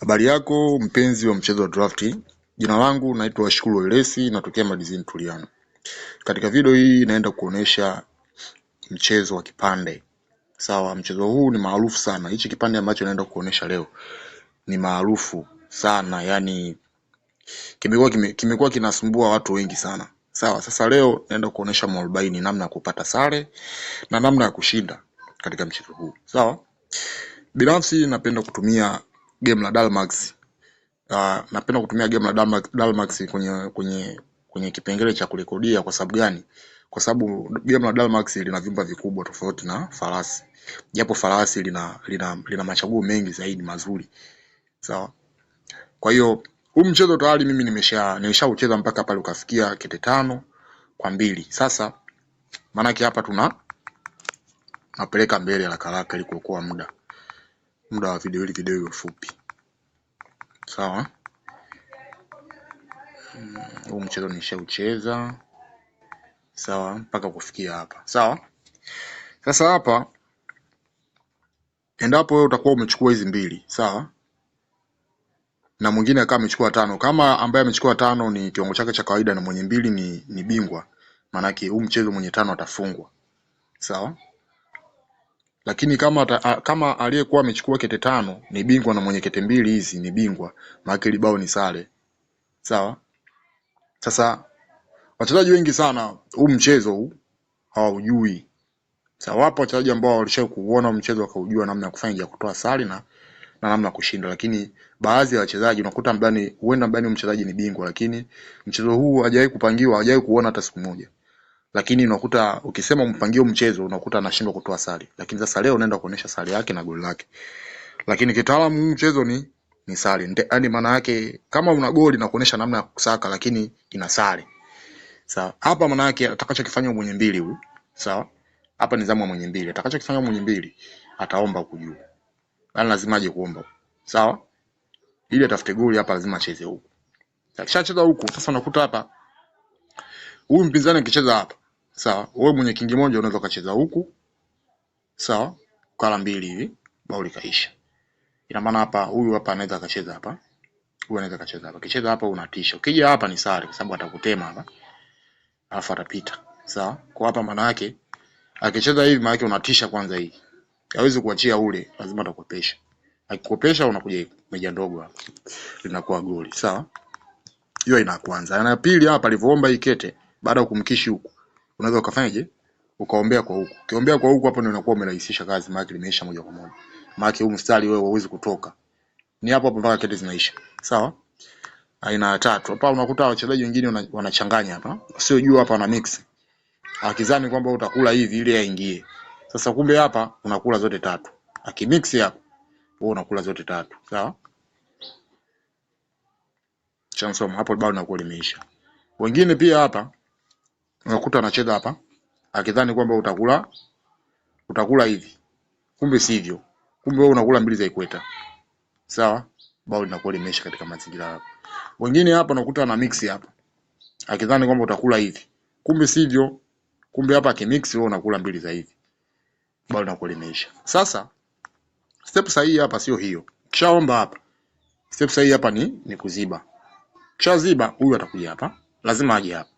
Habari yako mpenzi wa mchezo wa drafti, jina langu naitwa Ashkuru Wairesi, natokea Madizini Tuliano. Katika video hii naenda kuonesha mchezo wa kipande. Sawa, mchezo huu ni maarufu sana. Hichi kipande ambacho naenda kuonesha leo ni maarufu sana, yani kimekuwa kimekuwa kinasumbua watu wengi sana. Sawa, sasa leo naenda kuonesha mwarobaini, namna ya kupata sare na namna ya kushinda katika mchezo huu. Sawa, binafsi napenda kutumia game la Dalmax. Uh, napenda kutumia game la Dalmax, Dalmax kwenye kwenye kwenye kipengele cha kurekodia. Kwa sababu gani? Kwa sababu game la Dalmax lina vyumba vikubwa tofauti na Farasi, japo Farasi lina lina, lina machaguo mengi zaidi mazuri, sawa so, kwa hiyo huu mchezo tayari mimi nimesha nimeshaucheza mpaka pale ukafikia kete tano kwa mbili. Sasa maanake hapa tuna napeleka mbele la karaka ili kuokoa muda muda wa video hili kidogo fupi. Sawa, huu hmm, mchezo nishaucheza sawa, mpaka kufikia hapa. Sawa, sasa hapa, endapo wewe utakuwa umechukua hizi mbili sawa, na mwingine akawa amechukua tano, kama ambaye amechukua tano ni kiwango chake cha kawaida na mwenye mbili ni, ni bingwa, maanake huu mchezo mwenye tano atafungwa. Sawa. Lakini kama ta, a, kama aliyekuwa amechukua kete tano ni bingwa na mwenye kete mbili hizi ni bingwa, maana bao ni sare. Sawa? Sasa wachezaji wengi sana huu mchezo huu hawaujui. Sasa wapo wachezaji ambao walisha kuona mchezo wakaujua namna ya kufanya ya kutoa sare na na namna kushinda, lakini baadhi ya wachezaji unakuta mbani, huenda mbani mchezaji ni bingwa, lakini mchezo huu hajawahi kupangiwa, hajawahi kuona hata siku moja lakini unakuta ukisema mpangio mchezo unakuta anashindwa kutoa sare, lakini sasa leo unaenda kuonesha sare yake na goli lake. Lakini kitaalamu mchezo ni ni sare, yaani maana yake kama una goli na kuonesha namna ya kusaka, lakini ina sare. Sawa, hapa maana yake atakachokifanya mwenye mbili huyu, sawa, hapa ni zamu ya mwenye mbili. Atakachokifanya mwenye mbili ataomba kujua, yaani lazima aje kuomba, sawa, ili atafute goli hapa, lazima acheze huku. Akishacheza huku sasa, unakuta hapa huyu mpinzani akicheza hapa sawa. Wewe mwenye kingi moja unaweza ukacheza huku, sawa, kala mbili hivi, bao likaisha. Ina maana hapa huyu hapa anaweza akacheza hapa, huyu anaweza akacheza hapa, kicheza hapa unatisha. Ukija hapa ni sare, kwa sababu atakutema hapa, alafu atapita, sawa. Kwa hapa maana yake akicheza hivi, maana yake unatisha kwanza. Hii hawezi kuachia ule, lazima atakopesha. Akikopesha unakuja meja ndogo hapa, linakuwa goli, sawa. Hiyo ina kwanza. Na pili hapa alivyoomba ikete baada ya kumkishi huku unaweza ukafanyaje ukaombea kwa huku. Ukiombea kwa huku hapo ndio unakuwa umerahisisha kazi, maana limeisha moja kwa moja. Maana huu mstari wewe huwezi kutoka. Ni hapo hapo mpaka kete zinaisha. Sawa? Aina ya tatu. Hapa unakuta wachezaji wengine wanachanganya hapa. Sio juu hapa wana mix. Akizani kwamba utakula hivi ili yaingie. Sasa kumbe hapa unakula zote tatu. Akimix hapa wewe unakula zote tatu. Sawa? Chance hapo bado linakuwa limeisha. Wengine pia hapa unakuta anacheza hapa akidhani kwamba utakula utakula hivi, kumbe si hivyo, kumbe wewe unakula mbili za ikweta. Sawa, bao linakuwa limeisha katika mazingira yako. Wengine hapa unakuta ana mix hapa akidhani kwamba utakula hivi, kumbe si hivyo, kumbe hapa akimix wewe unakula mbili za hivi, bao linakuwa limeisha. Sasa step sahihi hapa sio hiyo, kishaomba hapa step sahihi hapa ni ni kuziba. Kishaziba huyu atakuja hapa, lazima aje hapa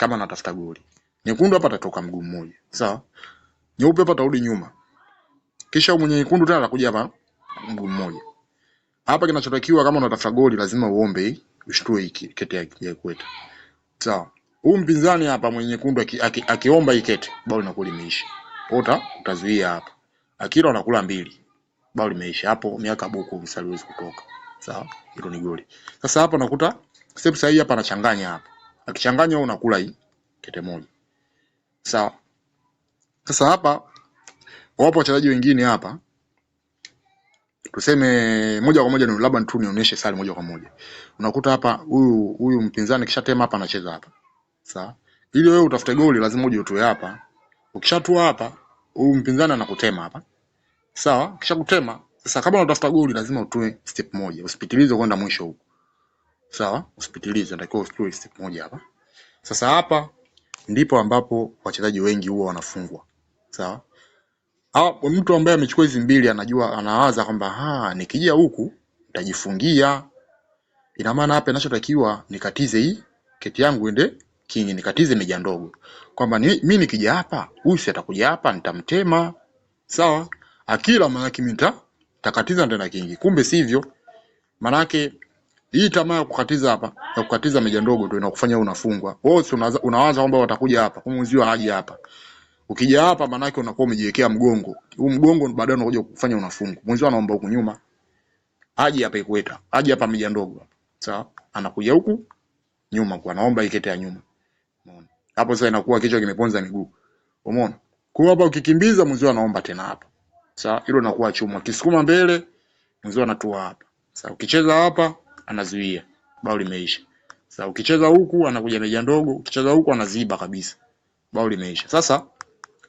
kama anatafuta goli. Nyekundu hapa atatoka mguu mmoja. Sawa? Nyeupe hapa atarudi nyuma. Kisha mwenye nyekundu tena atakuja hapa mguu mmoja. Hapa kinachotakiwa kama unatafuta goli lazima uombe ushtue hiki kete ya kwetu. Sawa. Huu mpinzani hapa mwenye nyekundu akiomba hii kete, bao inakuwa limeisha. Ota utazuia hapa. Akira anakula mbili. Bao limeisha hapo, miaka buku msaliwezi kutoka. Sawa? Hilo ni goli. Sasa hapa nakuta step sahihi hapa anachanganya hapa. Akichanganya wewe unakula hii kete moja. Sawa. Sasa hapa wapo wachezaji wengine hapa. Tuseme moja kwa moja ni labda tu nionyeshe sare moja kwa moja. Unakuta hapa huyu huyu mpinzani kishatema hapa anacheza hapa. Sawa. Ili wewe utafute goli lazima uje utoe hapa. Ukishatua hapa, huyu mpinzani anakutema hapa. Sawa? Kisha kutema, sasa kama unatafuta goli lazima utoe step moja, usipitilize kwenda mwisho huko. Sawa, usipitilize, natakiwa uchukue step moja hapa. Sasa hapa ndipo ambapo wachezaji wengi huwa wanafungwa. Sawa? Ah, mtu ambaye amechukua hizi mbili anajua, anawaza kwamba ha, nikija huku nitajifungia. Ina maana hapa inachotakiwa nikatize hii keti yangu ende king, nikatize meja ndogo. Kwamba ni, mimi nikija hapa, huyu si atakuja hapa nitamtema. Sawa? Akila maana yake mimi nitakatiza na kingi. Kumbe sivyo. Maana yake hii tamaa ya kukatiza hapa, ya kukatiza meja ndogo tu inakufanya unafungwa. Wewe unawaza kwamba watakuja hapa, kumbe mzio haji hapa. Ukija hapa maana yake unakuwa umejiwekea mgongo. Huu mgongo baadaye unakuja kukufanya unafungwa. Mzio anaomba huku nyuma. Haji hapa ikueta. Haji hapa meja ndogo. Sawa? Anakuja huku nyuma kwa anaomba ikete ya nyuma. Umeona? Hapo sasa inakuwa kichwa kimeponza miguu. Umeona? Kwa hapa ukikimbiza mzio anaomba tena hapa. Sawa? Hilo linakuwa chuma. Kisukuma mbele mzio anatua hapa. Sawa? Ukicheza hapa anazuia, bao limeisha. Sasa ukicheza huku anakuja meja ndogo, ukicheza huku anaziba kabisa, bao limeisha. Sasa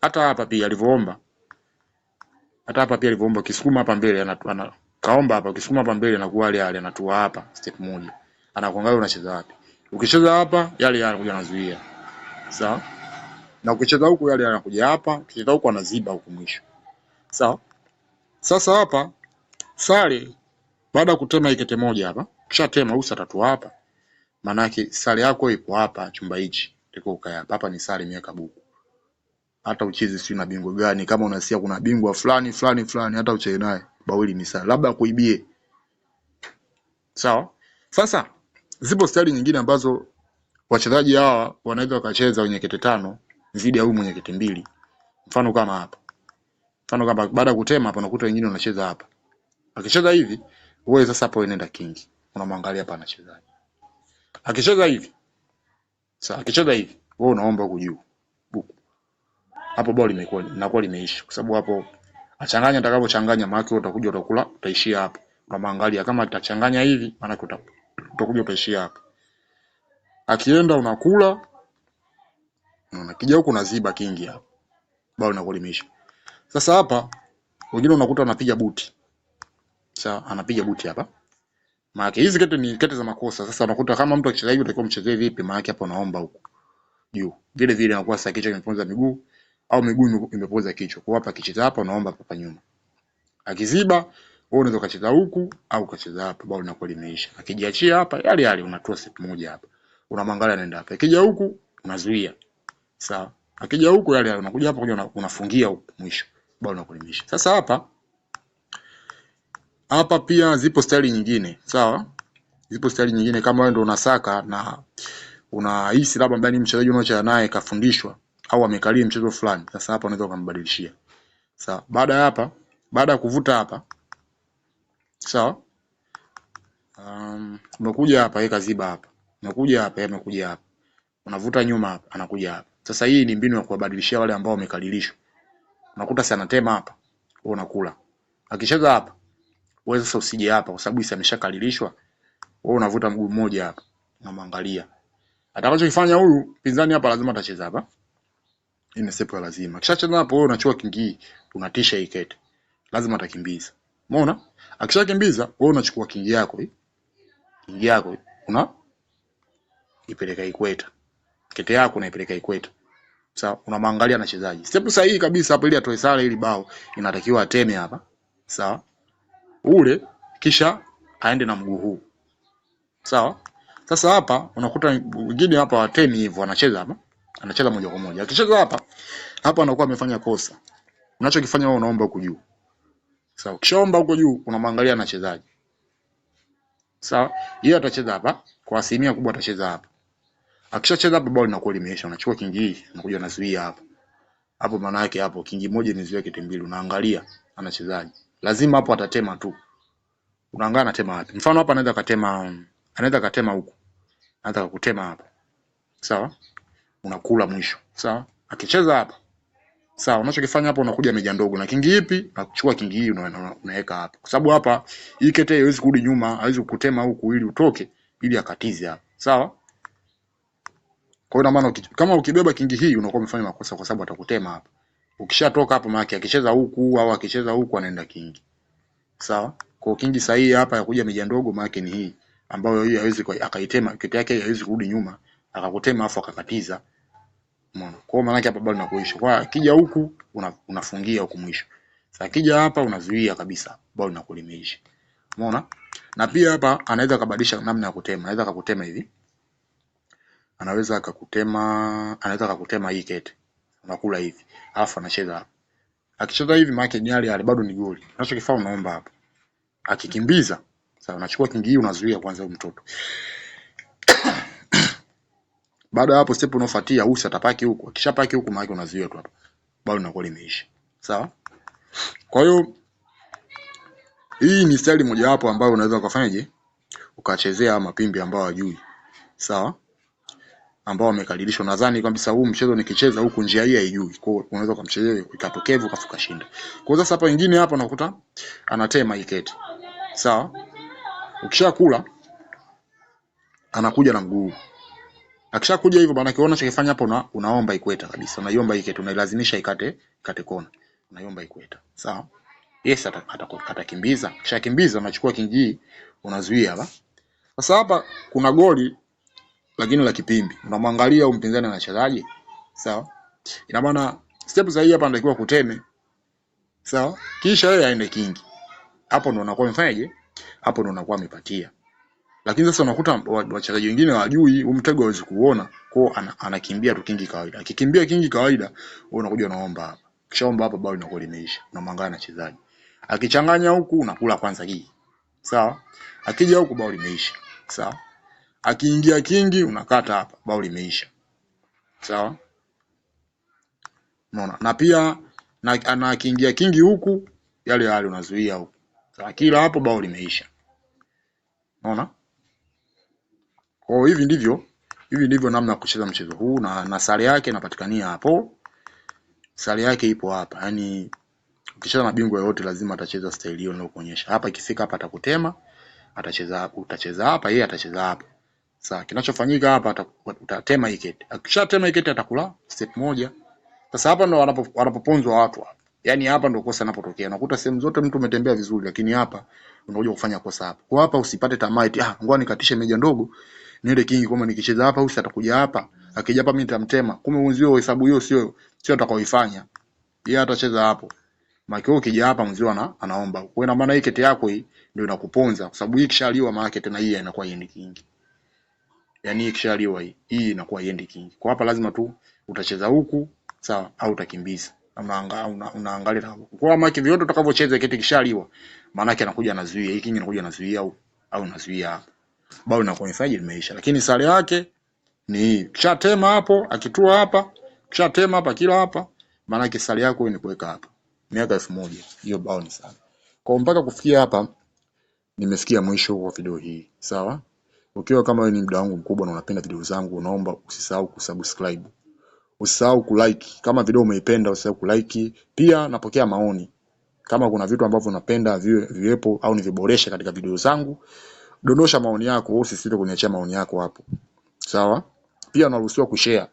hata hapa pia alivyoomba, hata hapa pia alivyoomba, kisukuma hapa mbele ana kaomba hapa, ukisukuma hapa mbele anakuwa yale yale, anatua hapa step moja, anakuangalia unacheza wapi. Ukicheza hapa yale yale anakuja anazuia, sawa na ukicheza huku yale yale anakuja hapa, ukicheza huku anaziba huku mwisho. Sawa? Sasa hapa sare baada ya kutema ikete moja hapa kisha tema uso atatoa hapa. Maana yake sare yako ipo hapa chumba hichi. Iko ukae hapa. Hapa ni sare miaka buku. Hata uchezi si na bingo gani kama unasikia kuna bingwa fulani fulani fulani hata ucheze naye. Bawili ni sare. Labda kuibie. Sawa? Sasa zipo staili nyingine ambazo wachezaji hawa wanaweza wakacheza wenye kete tano zidi ya huyu mwenye kete mbili. Mfano kama hapa. Mfano kama baada ya kutema hapa unakuta wengine wanacheza hapa. Akicheza hivi, wewe sasa hapo unaenda kingi unamwangalia hapa anachezaje. Akicheza hivi sasa, akicheza hivi wewe unaomba huko juu hapo, boli imekuwa inakuwa limeisha, kwa sababu hapo achanganya atakapochanganya, maki utakuja utakula, utaishia hapo. Unamwangalia kama atachanganya hivi, maana utakuja utaishia hapo. Akienda unakula unaona kija huko unaziba kingi hapo, bali inakuwa limeisha. Sasa hapa wengine unakuta anapiga buti sasa, anapiga buti hapa maana hizi kete ni kete za makosa. Sasa unakuta kama mtu akicheza hivi utakiwa mchezee vipi? Maana hapo naomba huko juu. Vile vile anakuwa sasa kichwa kimeponza miguu au miguu imepoza kichwa. Kwa hapa akicheza hapa naomba hapa nyuma. Akiziba wewe unaweza kucheza huku au kucheza hapa bado linakuwa limeisha. Akijiachia hapa yale yale unatoa step moja hapa. Unamwangalia anaenda hapa. Akija huku unazuia. Sawa. Akija huku yale yale unakuja hapa unafungia huku mwisho. Bado linakuwa limeisha. Sasa hapa hapa pia zipo staili nyingine, sawa? Zipo staili nyingine kama wewe ndio unasaka na unahisi labda ndani mchezaji unaocheza naye kafundishwa au amekalia mchezo fulani. Sasa hapa unaweza kumbadilishia. Sawa? Baada ya hapa, baada ya kuvuta hapa. Sawa? Um, unakuja hapa yeye kaziba hapa. Unakuja hapa yeye amekuja hapa. Unavuta nyuma hapa, anakuja hapa. Sasa hii ni mbinu ya kuwabadilishia wale ambao wamekalilishwa. Unakuta sana tema hapa. Wewe unakula. akicheza hapa wewe sasa usije hapa, kwa sababu isi ameshakalilishwa, wewe unavuta mguu mmoja hapa, unamwangalia. Atakachokifanya huyu pinzani hapa, lazima atacheza hapa, hii ni sepo lazima. Akishacheza hapo, wewe unachua kingi, unatisha hii kete, lazima atakimbiza, umeona? Akishakimbiza wewe unachukua kingi yako hii, kingi yako hii una ipeleka ikweta, kete yako unaipeleka ikweta sasa unamwangalia anachezaji. Step sahihi kabisa hapo ili atoe sare ili bao inatakiwa ateme hapa. Sawa? ule kisha aende na mguu huu. Sawa? Sasa hapa unakuta wengine hapa watemi hivyo anacheza hapa. Anacheza moja kwa moja. Akicheza hapa hapa anakuwa amefanya kosa. Unachokifanya wewe unaomba huko juu. Sawa? Kishaomba huko juu unamwangalia anachezaje. Sawa? Yeye atacheza hapa kwa asilimia kubwa atacheza hapa. Akishacheza hapa bao linakuwa limeisha. Unachukua kingi hii unakuja unazuia hapa. Hapo maana yake hapo kingi moja imezuia kete mbili unaangalia anachezaje lazima hapo atatema tu. Unaangaa anatema wapi? Mfano hapa anaweza katema, anaweza katema huku, anaweza kukutema hapa, sawa? Unakula mwisho, sawa? Akicheza hapa, sawa? Unachokifanya hapa, unakuja meja ndogo na kingi ipi, unachukua kingi hii unaweka una, una hapa, kwa sababu hapa hii kete haiwezi kurudi nyuma, haiwezi kukutema huku ili utoke, ili akatize hapa, sawa? Kwa hiyo na maana kama ukibeba kingi hii unakuwa umefanya makosa, kwa sababu atakutema hapa. Ukishatoka hapo maana akicheza huku au akicheza huku anaenda kingi. Sawa? Kwa kingi sahihi hapa ya kuja mija ndogo maana ni hii ambayo hiyo hawezi akaitema kitu yake hawezi kurudi nyuma akakutema afu akakatiza. Umeona? Kwa hiyo maana yake hapa bado nakuisha. Kwa akija huku una, unafungia huku mwisho. Sasa akija hapa unazuia kabisa bado nakulimeisha. Umeona? Na pia hapa anaweza kabadilisha namna ya kutema. Anaweza akakutema hivi. Anaweza akakutema, anaweza akakutema hii kete unakula hivi, alafu anacheza hapo. Akicheza hivi maana ni yale bado ni goli. Unachokifaa unaomba hapo, Akikimbiza, sasa unachukua kingi hii unazuia kwanza huyo mtoto. Baada hapo step unaofuatia usi atapaki huku. Akishapaki huko maana unazuia tu hapo, Bado unakuwa limeisha. Sawa? Kwa hiyo hii ni staili wapo ambayo unaweza ukafanyaje? Ukachezea mapimbi ambayo hajui. Sawa? ambao wamekaribishwa. Nadhani kabisa huu mchezo nikicheza huku njia hii haijui. Kwa hiyo unaweza kumchezea ikatokea hivyo kafuka shinda. Kwa sasa hapa wengine hapa nakuta anatema iketi. kete. Sawa? Ukishakula anakuja na mguu. Akishakuja hivyo bana, kiona chakifanya hapo unaomba ikweta kabisa. Unaiomba iketi, unailazimisha ikate kate kona. Unaiomba ikweta. Sawa? Yes, atakimbiza. Akishakimbiza unachukua kingii unazuia hapa. Sasa hapa kuna goli lakini la kipindi. Unamwangalia huyu mpinzani anachezaje? Sawa? Ina maana step za hii hapa anatakiwa kuteme. Sawa? Kisha yeye aende kingi. Hapo ndo unakuwa mfanyaje? Hapo ndo unakuwa amepatia. Lakini sasa unakuta wachezaji wengine hawajui huu mtego hawezi kuona, kwao anakimbia tu kingi kawaida. Akikimbia kingi kawaida, wewe unakuja unaomba hapa. Kishaomba hapa bao linakuwa limeisha. Unamwangalia anachezaje. Akichanganya huku unakula kwanza hii. Sawa? Akija huku bao limeisha. Sawa? Akiingia kingi unakata hapa, bao limeisha. Sawa? Unaona? Na pia na, na akiingia kingi huku yale yale unazuia huku. Sawa, kila hapo bao limeisha. Unaona? Kwa hiyo hivi ndivyo hivi ndivyo namna ya kucheza mchezo huu na, na sare yake inapatikania hapo. Sare yake ipo hapa. Yani ukicheza na bingwa yoyote lazima atacheza staili hiyo nilokuonyesha Hapa ikifika hapa atakutema, atacheza utacheza hapa, yeye atacheza hapa. Sasa kinachofanyika hapa utatema iketi. Akishatema iketi atakula step moja. Sasa hapa ndo wanapoponzwa watu hapa. Yaani hapa ndo kosa linapotokea. Unakuta sehemu zote mtu umetembea vizuri lakini hapa unakuja kufanya kosa hapa. Kwa hapa usipate tamaa eti ah, ngoja nikatishe meja ndogo. Nile kingi kama nikicheza hapa usi atakuja hapa. Akija hapa mimi nitamtema. Kumbe mwenzio hesabu hiyo sio sio atakaoifanya. Yeye atacheza hapo. Maki ukija hapa mwenzio ana, anaomba. Kwa maana hii kete yako hii ndio inakuponza kwa sababu hii kishaliwa maana tena hii inakuwa yenye kingi yani ikishaliwa hii hii inakuwa iendi kingi. Kwa hapa lazima tu utacheza huku sawa, au utakimbiza unaangalia una, una Kwa maana kivyote utakavyocheza kiti kishaliwa, maana yake anakuja anazuia hii kingi, anakuja anazuia au au anazuia hapo, bao ni kuonyeshaje limeisha, lakini sare yake ni hii. Kishatema hapo, akitua hapa, kishatema hapa, kila hapa, maana yake sare yako ni kuweka hapa miaka elfu moja. Hiyo bao ni sare. Kwa mpaka kufikia hapa nimefikia mwisho wa video hii, sawa. Ukiwa kama wewe ni mda wangu mkubwa na unapenda video zangu, naomba usisahau kusubscribe, usisahau kulike. Kama video umeipenda usisahau kulike. Pia napokea maoni, kama kuna vitu ambavyo unapenda viwe viwepo au niviboreshe katika video zangu, dondosha maoni yako, usisite kuniachia maoni yako hapo, sawa. Pia unaruhusiwa kushare.